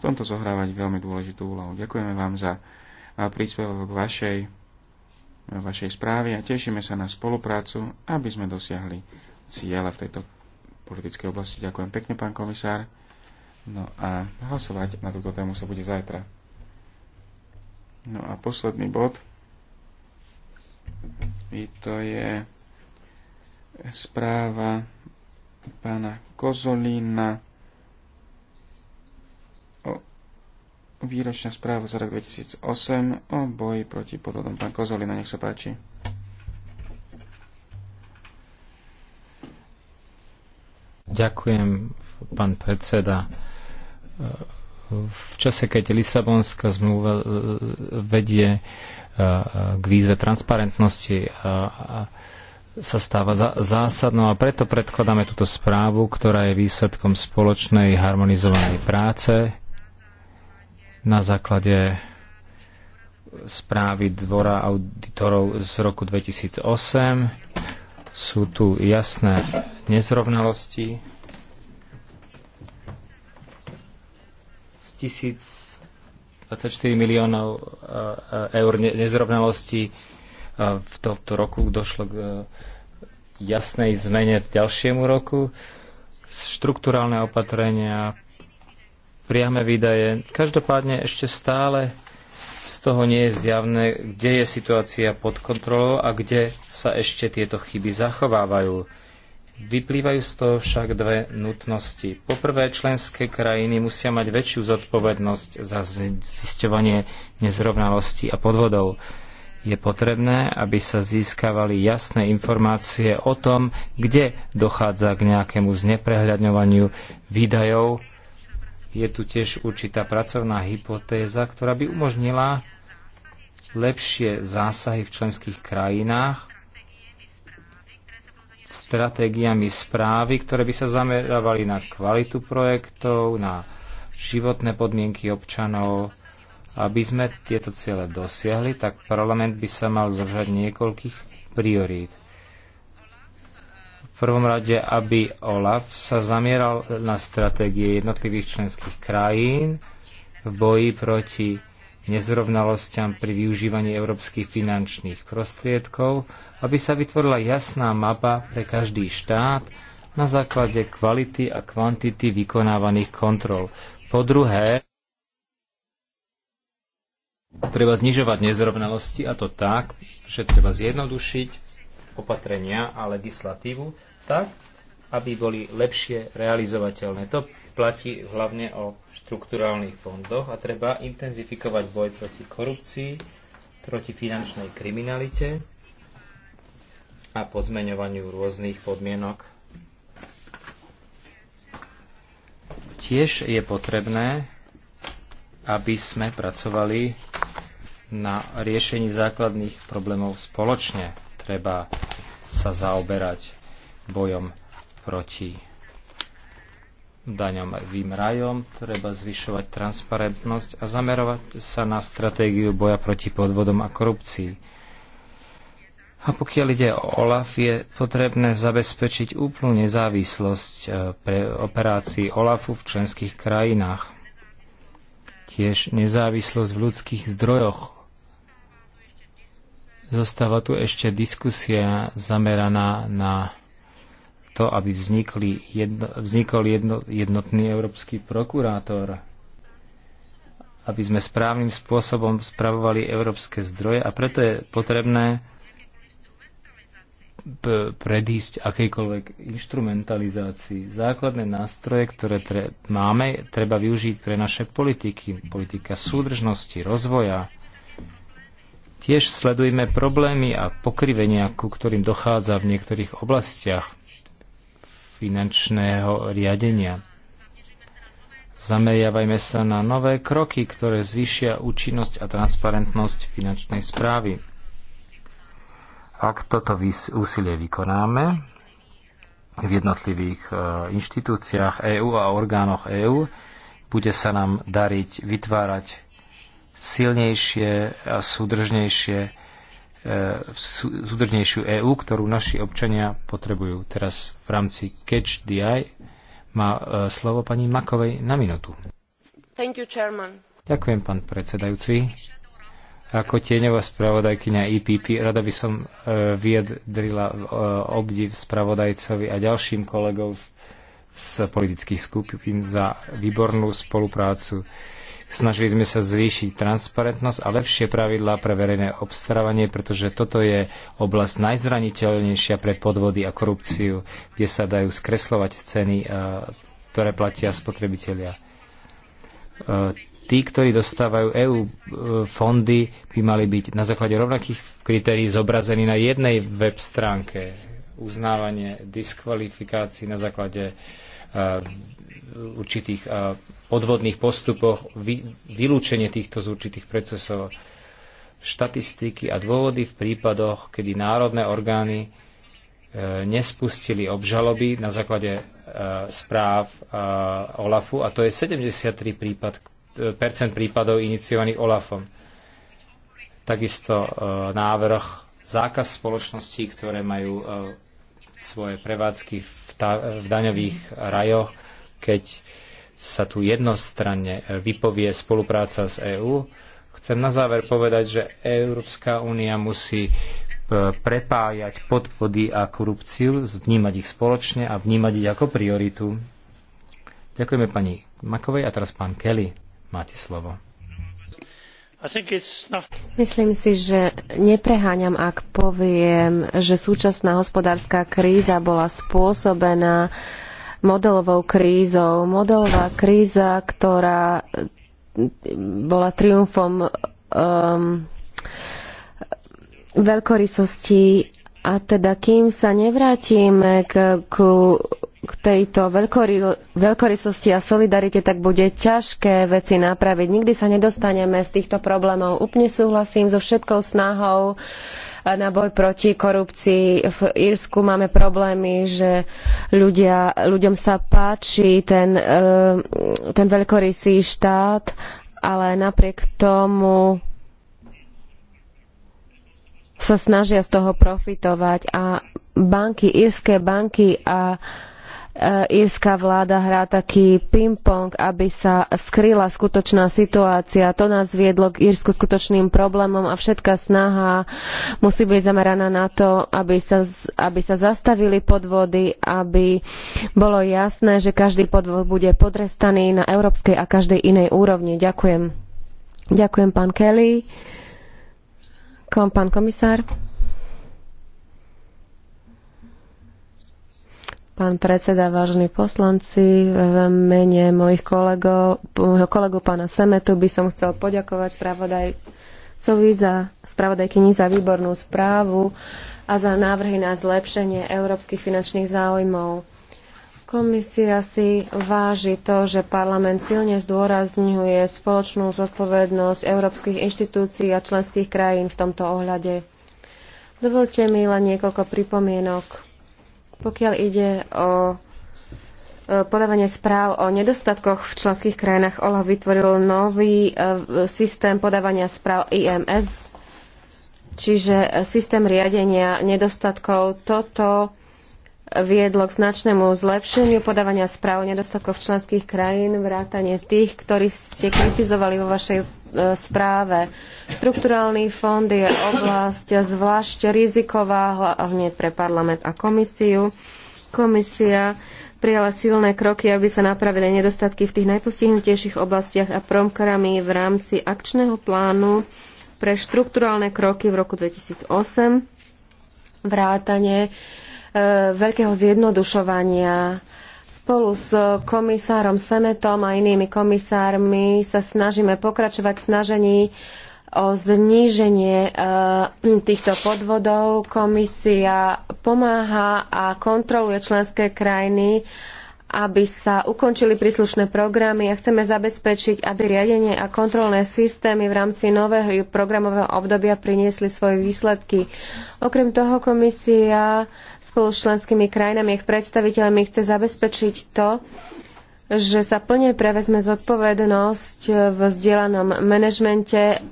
v tomto zohrávať veľmi dôležitú úlohu. Ďakujeme vám za príspevok vašej, vašej správy a tešíme sa na spoluprácu, aby sme dosiahli ciele v tejto politickej oblasti. Ďakujem pekne, pán komisár. No a hlasovať na túto tému sa bude zajtra. No a posledný bod. I to je správa pána Kozolína výročná správa za rok 2008 o boji proti podvodom. Pán Kozolina, nech sa páči. Ďakujem, pán predseda. V čase, keď Lisabonská zmluva e, vedie e, k výzve transparentnosti a sa stáva zásadnou a preto predkladáme túto správu, ktorá je výsledkom spoločnej harmonizovanej práce na základe správy Dvora auditorov z roku 2008. Sú tu jasné nezrovnalosti. Z 1024 miliónov eh, eur nezrovnalostí eh, v tohto roku došlo k eh, jasnej zmene v ďalšiemu roku. Štruktúrálne opatrenia priame výdaje. Každopádne ešte stále z toho nie je zjavné, kde je situácia pod kontrolou a kde sa ešte tieto chyby zachovávajú. Vyplývajú z toho však dve nutnosti. Poprvé, členské krajiny musia mať väčšiu zodpovednosť za zisťovanie nezrovnalostí a podvodov. Je potrebné, aby sa získavali jasné informácie o tom, kde dochádza k nejakému zneprehľadňovaniu výdajov je tu tiež určitá pracovná hypotéza, ktorá by umožnila lepšie zásahy v členských krajinách stratégiami správy, ktoré by sa zamerávali na kvalitu projektov, na životné podmienky občanov. Aby sme tieto ciele dosiahli, tak parlament by sa mal zdržať niekoľkých priorít prvom rade, aby OLAF sa zamieral na stratégie jednotlivých členských krajín v boji proti nezrovnalostiam pri využívaní európskych finančných prostriedkov, aby sa vytvorila jasná mapa pre každý štát na základe kvality a kvantity vykonávaných kontrol. Po druhé, treba znižovať nezrovnalosti a to tak, že treba zjednodušiť opatrenia a legislatívu tak, aby boli lepšie realizovateľné. To platí hlavne o štrukturálnych fondoch a treba intenzifikovať boj proti korupcii, proti finančnej kriminalite a pozmeňovaniu rôznych podmienok. Tiež je potrebné, aby sme pracovali na riešení základných problémov spoločne treba sa zaoberať bojom proti daňovým rajom, treba zvyšovať transparentnosť a zamerovať sa na stratégiu boja proti podvodom a korupcii. A pokiaľ ide o OLAF, je potrebné zabezpečiť úplnú nezávislosť e, pre operácií OLAFu v členských krajinách. Tiež nezávislosť v ľudských zdrojoch Zostáva tu ešte diskusia zameraná na to, aby jedno, vznikol jedno, jednotný európsky prokurátor, aby sme správnym spôsobom spravovali európske zdroje a preto je potrebné predísť akejkoľvek instrumentalizácii. Základné nástroje, ktoré tre- máme, treba využiť pre naše politiky. Politika súdržnosti, rozvoja, Tiež sledujme problémy a pokrivenia, ku ktorým dochádza v niektorých oblastiach finančného riadenia. Zameriavajme sa na nové kroky, ktoré zvýšia účinnosť a transparentnosť finančnej správy. Ak toto úsilie vykonáme v jednotlivých e, inštitúciách EÚ a orgánoch EÚ, bude sa nám dariť vytvárať silnejšie a súdržnejšie e, súdržnejšiu EÚ, ktorú naši občania potrebujú. Teraz v rámci Catch the Eye má e, slovo pani Makovej na minútu. You, Ďakujem, pán predsedajúci. Ako tieňová spravodajkyňa IPP e rada by som vyjadrila obdiv spravodajcovi a ďalším kolegov z politických skupín za výbornú spoluprácu. Snažili sme sa zvýšiť transparentnosť a lepšie pravidlá pre verejné obstarávanie, pretože toto je oblasť najzraniteľnejšia pre podvody a korupciu, kde sa dajú skreslovať ceny, e, ktoré platia spotrebitelia. E, tí, ktorí dostávajú EU e, fondy, by mali byť na základe rovnakých kritérií zobrazení na jednej web stránke uznávanie diskvalifikácií na základe e, určitých e, podvodných postupov, vylúčenie týchto z určitých procesov, štatistiky a dôvody v prípadoch, kedy národné orgány e, nespustili obžaloby na základe správ OLAFu a to je 73 prípad, percent prípadov iniciovaných OLAFom. Takisto návrh zákaz spoločností, ktoré majú svoje prevádzky v, ta, v daňových rajoch, keď sa tu jednostranne vypovie spolupráca s EÚ. Chcem na záver povedať, že Európska únia musí e, prepájať podvody a korupciu, vnímať ich spoločne a vnímať ich ako prioritu. Ďakujeme pani Makovej a teraz pán Kelly. Máte slovo. Myslím si, že nepreháňam, ak poviem, že súčasná hospodárska kríza bola spôsobená modelovou krízou. Modelová kríza, ktorá mm, bola triumfom um, veľkorysosti a teda kým sa nevrátime k, k tejto veľkorysosti a solidarite, tak bude ťažké veci napraviť. Nikdy sa nedostaneme z týchto problémov. Úplne súhlasím so všetkou snahou na boj proti korupcii. V Írsku máme problémy, že ľudia, ľuďom sa páči ten, eh, ten veľkorysý štát, ale napriek tomu sa snažia z toho profitovať a banky, írske banky a E, írska vláda hrá taký ping-pong, aby sa skryla skutočná situácia. To nás viedlo k Írsku skutočným problémom a všetká snaha musí byť zameraná na to, aby sa, aby sa zastavili podvody, aby bolo jasné, že každý podvod bude potrestaný na európskej a každej inej úrovni. Ďakujem. Ďakujem, pán Kelly. Kom, pán komisár. Pán predseda, vážení poslanci, v mene mojich kolegov, kolegu pána Semetu by som chcel poďakovať spravodajcovi za spravodajkyni za výbornú správu a za návrhy na zlepšenie európskych finančných záujmov. Komisia si váži to, že parlament silne zdôrazňuje spoločnú zodpovednosť európskych inštitúcií a členských krajín v tomto ohľade. Dovolte mi len niekoľko pripomienok pokiaľ ide o e, podávanie správ o nedostatkoch v členských krajinách, OLAF vytvoril nový e, systém podávania správ IMS, čiže e, systém riadenia nedostatkov. Toto viedlo k značnému zlepšeniu podávania správ nedostatkov členských krajín, vrátane tých, ktorí ste kritizovali vo vašej e, správe. Štrukturálny fond je oblasť zvlášť riziková, hlavne pre parlament a komisiu. Komisia prijala silné kroky, aby sa napravili nedostatky v tých najpostihnutejších oblastiach a promkrami v rámci akčného plánu pre štrukturálne kroky v roku 2008 vrátane E, veľkého zjednodušovania. Spolu s komisárom Semetom a inými komisármi sa snažíme pokračovať v snažení o zníženie e, týchto podvodov. Komisia pomáha a kontroluje členské krajiny aby sa ukončili príslušné programy a chceme zabezpečiť, aby riadenie a kontrolné systémy v rámci nového programového obdobia priniesli svoje výsledky. Okrem toho komisia spolu s členskými krajinami a ich predstaviteľmi chce zabezpečiť to, že sa plne prevezme zodpovednosť v zdieľanom manažmente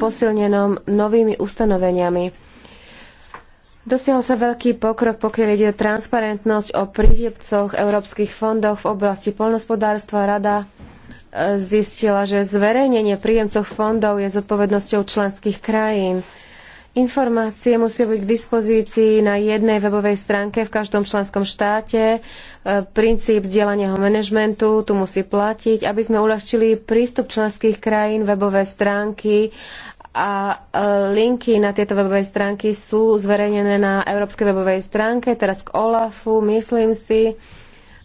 posilnenom novými ustanoveniami Dosiahol sa veľký pokrok, pokiaľ ide o transparentnosť o príjemcoch európskych fondoch v oblasti poľnohospodárstva. Rada e, zistila, že zverejnenie príjemcov fondov je zodpovednosťou členských krajín. Informácie musia byť k dispozícii na jednej webovej stránke v každom členskom štáte. E, princíp zdieľaného manažmentu tu musí platiť, aby sme uľahčili prístup členských krajín webové stránky a e, linky na tieto webové stránky sú zverejnené na európskej webovej stránke. Teraz k OLAFu myslím si,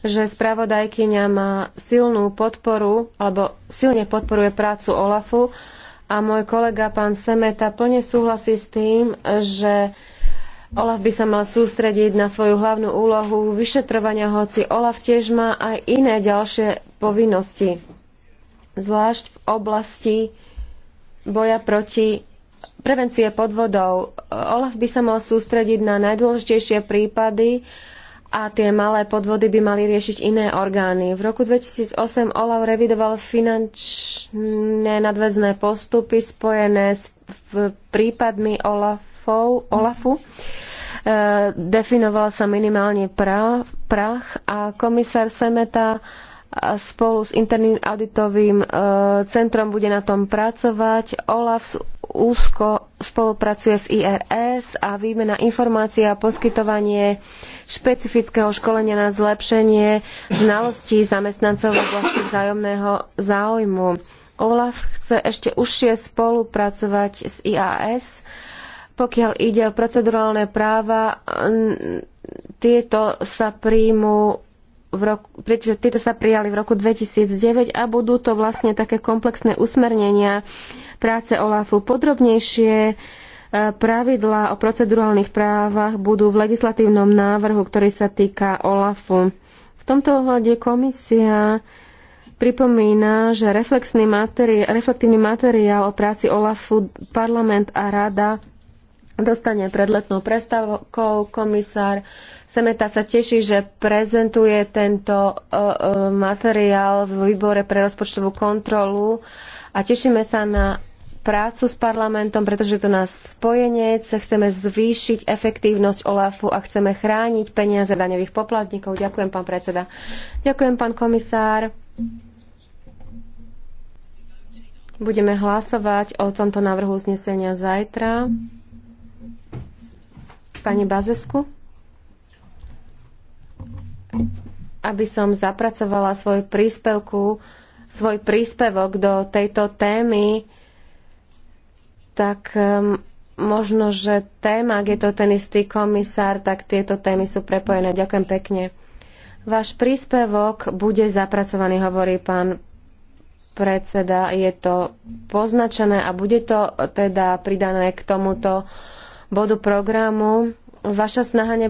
že spravodajkyňa má silnú podporu, alebo silne podporuje prácu OLAFu a môj kolega pán Semeta plne súhlasí s tým, že OLAF by sa mal sústrediť na svoju hlavnú úlohu vyšetrovania, hoci OLAF tiež má aj iné ďalšie povinnosti, zvlášť v oblasti boja proti prevencie podvodov. Olaf by sa mal sústrediť na najdôležitejšie prípady a tie malé podvody by mali riešiť iné orgány. V roku 2008 Olaf revidoval finančné nadväzné postupy spojené s prípadmi Olafov, Olafu. E, definoval sa minimálne prach a komisár Semeta spolu s interným auditovým e, centrom bude na tom pracovať. OLAF úzko spolupracuje s IRS a výmena informácií a poskytovanie špecifického školenia na zlepšenie znalostí zamestnancov v oblasti vzájomného záujmu. OLAF chce ešte užšie spolupracovať s IAS, pokiaľ ide o procedurálne práva, tieto sa príjmu v roku, pretože tieto sa prijali v roku 2009 a budú to vlastne také komplexné usmernenia práce OLAFu. Podrobnejšie e, pravidlá o procedurálnych právach budú v legislatívnom návrhu, ktorý sa týka OLAFu. V tomto ohľade komisia pripomína, že materiál, reflektívny materiál o práci OLAFu parlament a rada dostane pred letnou prestávkou. Komisár Semeta sa teší, že prezentuje tento e, e, materiál v výbore pre rozpočtovú kontrolu a tešíme sa na prácu s parlamentom, pretože je to nás spojenec, chceme zvýšiť efektívnosť OLAFu a chceme chrániť peniaze daňových poplatníkov. Ďakujem, pán predseda. Ďakujem, pán komisár. Budeme hlasovať o tomto návrhu uznesenia zajtra pani Bazesku, aby som zapracovala svoj príspevku, svoj príspevok do tejto témy, tak um, možno, že téma, ak je to ten istý komisár, tak tieto témy sú prepojené. Ďakujem pekne. Váš príspevok bude zapracovaný, hovorí pán predseda. Je to poznačené a bude to teda pridané k tomuto bodu programu. Vaša snaha nebola